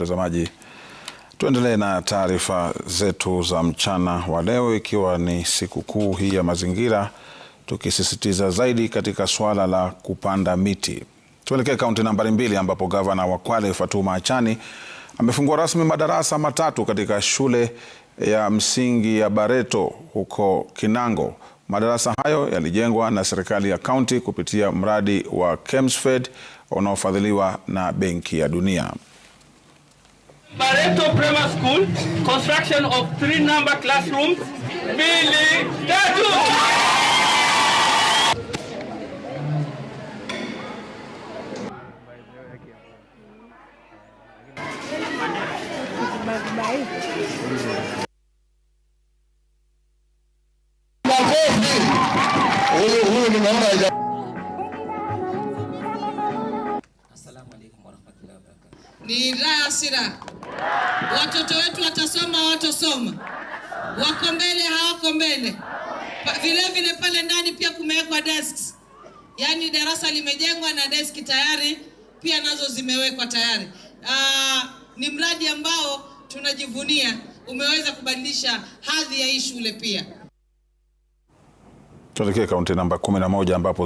mtazamaji, tuendelee na taarifa zetu za mchana wa leo, ikiwa ni siku kuu hii ya mazingira, tukisisitiza zaidi katika suala la kupanda miti. Tuelekee kaunti nambari mbili ambapo gavana wa Kwale Fatuma Achani amefungua rasmi madarasa matatu katika shule ya msingi ya Bareto huko Kinango. Madarasa hayo yalijengwa na serikali ya kaunti kupitia mradi wa KEMSFED unaofadhiliwa na Benki ya Dunia. Barreto Primary School, construction of three number classrooms, Billy tatu. Ni raha Watoto wetu watasoma, watasoma, wako mbele, hawako mbele. Vile vile pale ndani pia kumewekwa desks, yaani darasa limejengwa na desk tayari pia nazo zimewekwa tayari. Aa, ah, ni mradi ambao tunajivunia umeweza kubadilisha hadhi ya hii shule. Pia tuelekee kaunti namba 11 ambapo